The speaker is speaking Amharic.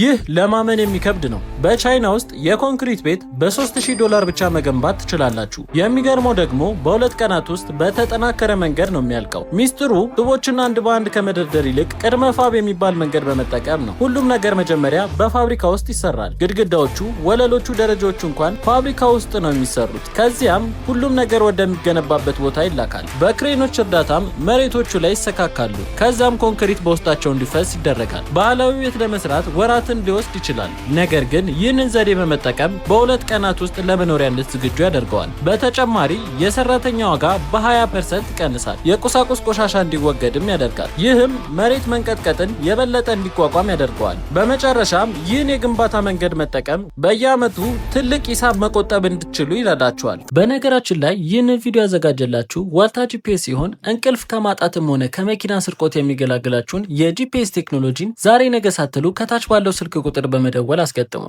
ይህ ለማመን የሚከብድ ነው። በቻይና ውስጥ የኮንክሪት ቤት በ3000 ዶላር ብቻ መገንባት ትችላላችሁ። የሚገርመው ደግሞ በሁለት ቀናት ውስጥ በተጠናከረ መንገድ ነው የሚያልቀው። ሚስጥሩ ጡቦችን አንድ በአንድ ከመደርደር ይልቅ ቅድመ ፋብ የሚባል መንገድ በመጠቀም ነው። ሁሉም ነገር መጀመሪያ በፋብሪካ ውስጥ ይሰራል። ግድግዳዎቹ፣ ወለሎቹ፣ ደረጃዎቹ እንኳን ፋብሪካ ውስጥ ነው የሚሰሩት። ከዚያም ሁሉም ነገር ወደሚገነባበት ቦታ ይላካል። በክሬኖች እርዳታም መሬቶቹ ላይ ይሰካካሉ። ከዚያም ኮንክሪት በውስጣቸው እንዲፈስ ይደረጋል። ባህላዊ ቤት ለመስራት ወራት ወራትም ሊወስድ ይችላል። ነገር ግን ይህንን ዘዴ በመጠቀም በሁለት ቀናት ውስጥ ለመኖሪያነት ዝግጁ ያደርገዋል። በተጨማሪ የሰራተኛ ዋጋ በ20 ፐርሰንት ይቀንሳል። የቁሳቁስ ቆሻሻ እንዲወገድም ያደርጋል። ይህም መሬት መንቀጥቀጥን የበለጠ እንዲቋቋም ያደርገዋል። በመጨረሻም ይህን የግንባታ መንገድ መጠቀም በየዓመቱ ትልቅ ሂሳብ መቆጠብ እንድትችሉ ይረዳችኋል። በነገራችን ላይ ይህንን ቪዲዮ ያዘጋጀላችሁ ዋልታ ጂፒኤስ ሲሆን እንቅልፍ ከማጣትም ሆነ ከመኪና ስርቆት የሚገላግላችሁን የጂፒኤስ ቴክኖሎጂን ዛሬ ነገ ሳትሉ ከታች ባለው ስልክ ቁጥር በመደወል አስገጥሙ።